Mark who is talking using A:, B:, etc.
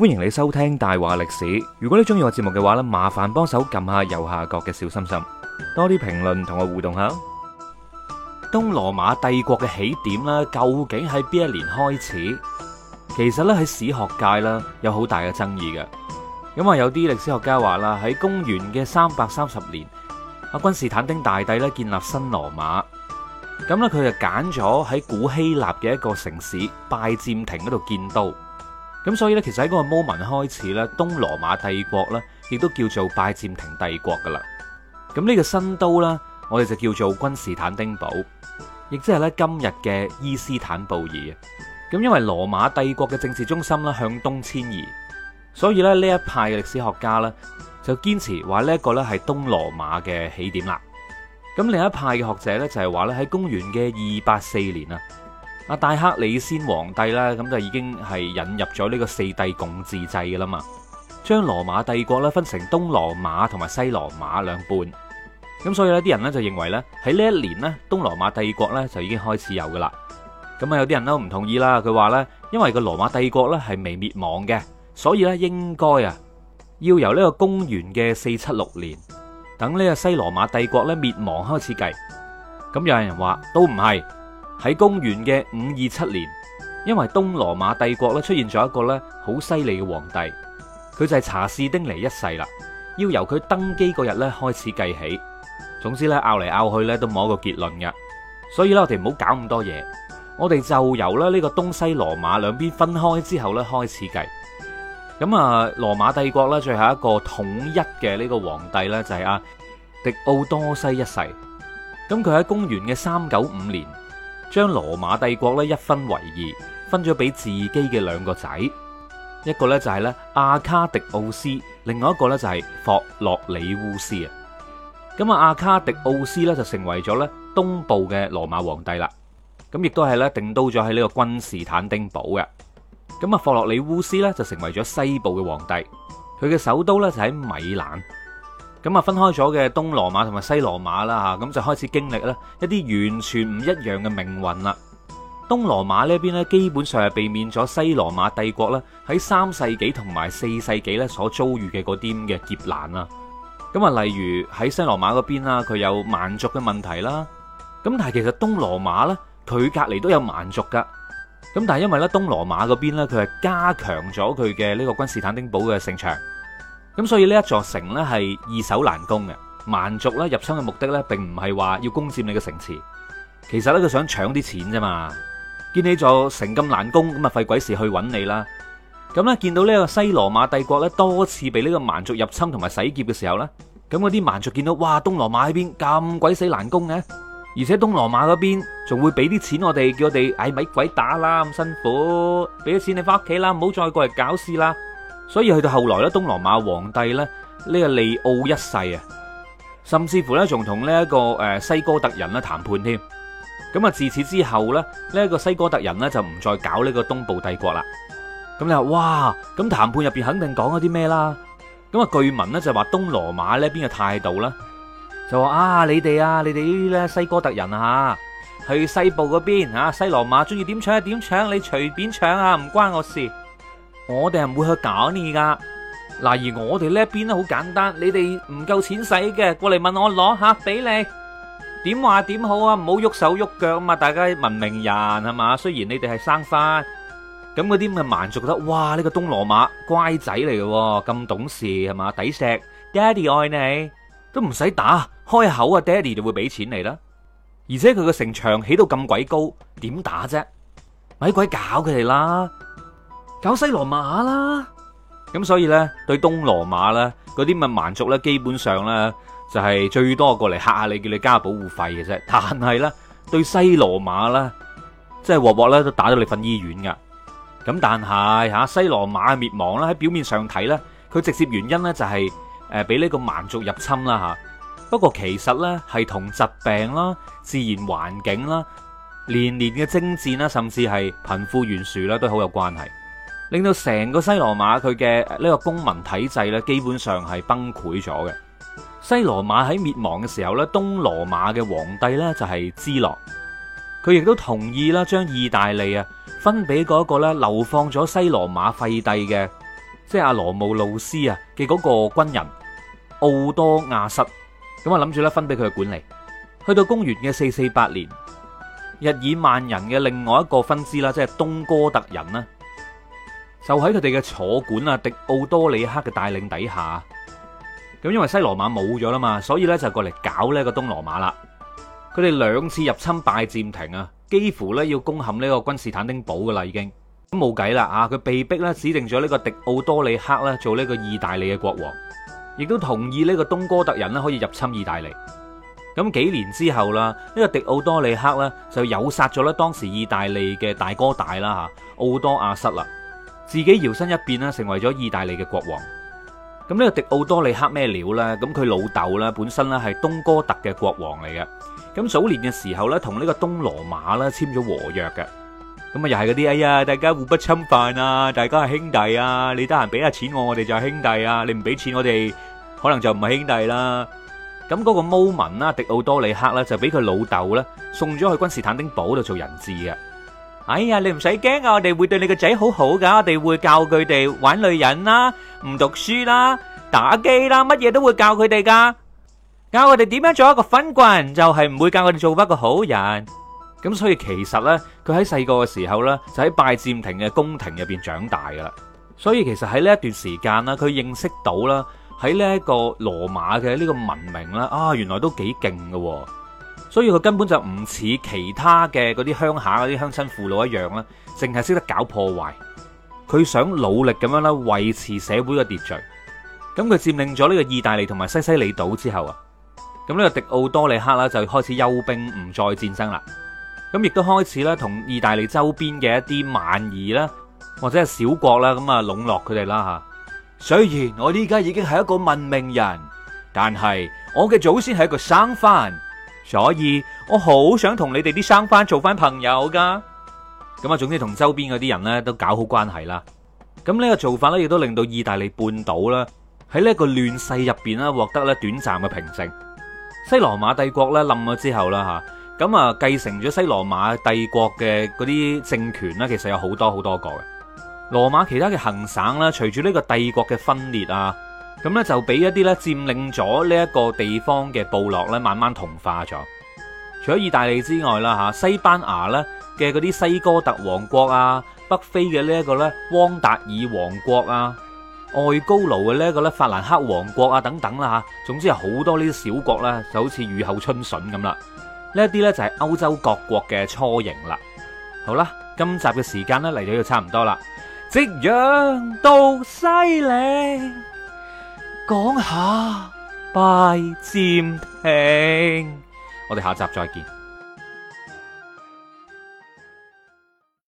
A: 歡迎你收聽大話歷史。如果你中意我節目嘅話咧，麻煩幫手撳下右下角嘅小心心，多啲評論同我互動下。東羅馬帝國嘅起點咧，究竟喺邊一年開始？其實咧喺史學界咧有好大嘅爭議嘅。咁啊，有啲歷史學家話啦，喺公元嘅三百三十年，阿君士坦丁大帝咧建立新羅馬。咁咧佢就揀咗喺古希臘嘅一個城市拜占庭嗰度建都。咁所以呢，其實喺嗰個 moment 開始咧，東羅馬帝國呢亦都叫做拜占庭帝國噶啦。咁呢個新都呢，我哋就叫做君士坦丁堡，亦即係呢今日嘅伊斯坦布爾。咁因為羅馬帝國嘅政治中心呢向東遷移，所以咧呢一派嘅歷史學家呢就堅持話呢一個呢係東羅馬嘅起點啦。咁另一派嘅學者呢，就係話呢喺公元嘅二八四年啊。阿戴克里先皇帝咧，咁就已經係引入咗呢個四帝共治制噶啦嘛，將羅馬帝國咧分成東羅馬同埋西羅馬兩半，咁所以呢啲人呢就認為呢，喺呢一年呢，東羅馬帝國呢就已經開始有噶啦，咁啊有啲人都唔同意啦，佢話呢，因為個羅馬帝國呢係未滅亡嘅，所以呢應該啊要由呢個公元嘅四七六年等呢個西羅馬帝國呢滅亡開始計，咁有人人話都唔係。喺公元嘅五二七年，因為東羅馬帝國咧出現咗一個咧好犀利嘅皇帝，佢就係查士丁尼一世啦。要由佢登基嗰日咧開始計起。總之咧拗嚟拗去咧都冇一個結論嘅，所以咧我哋唔好搞咁多嘢，我哋就由咧呢個東西羅馬兩邊分開之後咧開始計。咁啊，羅馬帝國咧最後一個統一嘅呢個皇帝咧就係阿狄奧多西一世。咁佢喺公元嘅三九五年。將羅馬帝國咧一分為二，分咗俾自己嘅兩個仔，一個呢就係咧阿卡迪奧斯，另外一個呢就係霍洛里烏斯啊。咁啊，阿卡迪奧斯呢就成為咗咧東部嘅羅馬皇帝啦。咁亦都係咧定都咗喺呢個君士坦丁堡嘅。咁啊，霍洛里烏斯呢就成為咗西部嘅皇帝，佢嘅首都呢就喺米蘭。咁啊，分開咗嘅東羅馬同埋西羅馬啦嚇，咁就開始經歷咧一啲完全唔一樣嘅命運啦。東羅馬呢一邊基本上係避免咗西羅馬帝國咧喺三世紀同埋四世紀咧所遭遇嘅嗰啲咁嘅劫難啦。咁啊，例如喺西羅馬嗰邊啦，佢有蠻族嘅問題啦。咁但係其實東羅馬呢，佢隔離都有蠻族噶。咁但係因為咧，東羅馬嗰邊佢係加強咗佢嘅呢個君士坦丁堡嘅城牆。咁所以呢一座城呢係易守難攻嘅。蠻族咧入侵嘅目的呢，並唔係話要攻占你嘅城池，其實呢，佢想搶啲錢啫嘛。見你座城咁難攻，咁啊費鬼事去揾你啦。咁呢，見到呢個西羅馬帝國呢多次被呢個蠻族入侵同埋洗劫嘅時候呢，咁嗰啲蠻族見到哇東羅馬喺邊咁鬼死難攻嘅，而且東羅馬嗰邊仲會俾啲錢我哋，叫我哋唉咪鬼打啦咁辛苦，俾咗錢你翻屋企啦，唔好再過嚟搞事啦。所以去到後來咧，東羅馬皇帝咧呢個利奧一世啊，甚至乎咧仲同呢一個誒西哥特人啦談判添。咁啊自此之後咧，呢一個西哥特人咧就唔再搞呢個東部帝國啦。咁你話哇，咁談判入邊肯定講咗啲咩啦？咁啊據聞咧就話東羅馬呢邊嘅態度啦，就話啊你哋啊你哋呢啲咧西哥特人啊去西部嗰邊啊，西羅馬中意點搶就點搶，你隨便搶啊，唔關我事。我哋係唔會去搞你噶，嗱，而我哋呢一邊咧好簡單，你哋唔夠錢使嘅，過嚟問我攞吓，俾你點話點好啊？唔好喐手喐腳啊嘛，大家文明人係嘛？雖然你哋係生番，咁嗰啲咁嘅蠻族覺得，哇！呢個東羅馬乖仔嚟嘅，咁懂事係嘛？抵錫，爹哋愛你，都唔使打，開口啊，爹哋就會俾錢你啦。而且佢個城牆起到咁鬼高，點打啫？咪鬼搞佢哋啦！搞西羅馬啦，啊，咁所以呢，對東羅馬呢，嗰啲咪蠻族呢，基本上呢，就係、是、最多過嚟吓下你，叫你交保護費嘅啫。但係呢，對西羅馬呢，即係鑊鑊呢，都打到你瞓醫院噶。咁但係吓西羅馬嘅滅亡呢，喺表面上睇呢，佢直接原因呢，就係誒俾呢個蠻族入侵啦吓。不過其實呢，係同疾病啦、自然環境啦、年年嘅征戰啦，甚至係貧富懸殊啦，都好有關係。令到成個西羅馬佢嘅呢個公民體制咧，基本上係崩潰咗嘅。西羅馬喺滅亡嘅時候咧，東羅馬嘅皇帝咧就係芝諾，佢亦都同意啦，將意大利啊分俾嗰個咧流放咗西羅馬廢帝嘅，即係阿羅姆路斯啊嘅嗰個軍人奧多亞塞，咁啊諗住咧分俾佢管理。去到公元嘅四四八年，日耳曼人嘅另外一個分支啦，即係東哥特人啦。就喺佢哋嘅坐管啊，迪奧多里克嘅帶領底下咁，因為西羅馬冇咗啦嘛，所以呢就過嚟搞呢個東羅馬啦。佢哋兩次入侵拜占庭啊，幾乎呢要攻陷呢個君士坦丁堡噶啦，已經咁冇計啦啊，佢被逼咧指定咗呢個迪奧多里克呢做呢個意大利嘅國王，亦都同意呢個東哥特人呢可以入侵意大利。咁幾年之後啦，呢個迪奧多里克呢就誘殺咗咧當時意大利嘅大哥大啦嚇，奧多亞塞啦。自己搖身一變啦，成為咗意大利嘅國王。咁呢個迪奧多里克咩料呢？咁佢老豆啦，本身啦係東哥特嘅國王嚟嘅。咁早年嘅時候咧，同呢個東羅馬啦簽咗和約嘅。咁啊，又係嗰啲哎呀，大家互不侵犯啊，大家係兄弟啊。你得閒俾下錢我，我哋就係兄弟啊。你唔俾錢我哋，可能就唔係兄弟啦。咁嗰個毛民啦，迪奧多里克呢，就俾佢老豆呢，送咗去君士坦丁堡度做人質嘅。哎呀，你唔使驚啊！我哋會對你個仔好好噶，我哋會教佢哋玩女人啦，唔讀書啦，打機啦，乜嘢都會教佢哋噶，教我哋點樣做一個昏君，就係唔會教我哋做一個好人。咁所以其實呢，佢喺細個嘅時候呢，就喺拜占庭嘅宮廷入邊長大噶啦。所以其實喺呢一段時間啦，佢認識到啦，喺呢一個羅馬嘅呢個文明啦，啊，原來都幾勁噶。所以佢根本就唔似其他嘅嗰啲鄉下嗰啲鄉親父老一樣啦，淨係識得搞破壞。佢想努力咁樣咧維持社會嘅秩序。咁佢佔領咗呢個意大利同埋西西里島之後啊，咁呢個迪奧多里克啦就開始休兵唔再戰爭啦。咁亦都開始啦，同意大利周邊嘅一啲蠻夷啦，或者係小國啦，咁啊籠絡佢哋啦吓。雖然我依家已經係一個文明人，但係我嘅祖先係一個生番。所以我好想同你哋啲生番做翻朋友噶，咁啊，總之同周邊嗰啲人呢都搞好關係啦。咁呢個做法呢，亦都令到意大利半島啦喺呢一個亂世入邊呢獲得咧短暫嘅平靜。西羅馬帝國呢冧咗之後啦吓，咁啊繼承咗西羅馬帝國嘅嗰啲政權呢，其實有好多好多個嘅。羅馬其他嘅行省呢，隨住呢個帝國嘅分裂啊。咁呢，就俾一啲呢佔領咗呢一個地方嘅部落呢慢慢同化咗。除咗意大利之外啦，吓西班牙呢嘅嗰啲西哥特王國啊，北非嘅呢一個呢、汪達爾王國啊，外高盧嘅呢一個呢、法蘭克王國啊，等等啦吓，總之係好多呢啲小國呢就好似雨後春筍咁啦。呢一啲呢就係歐洲各國嘅雛形啦。好啦，今集嘅時間呢嚟到就差唔多啦。夕陽到西嶺。講下拜占庭，我哋下集再見。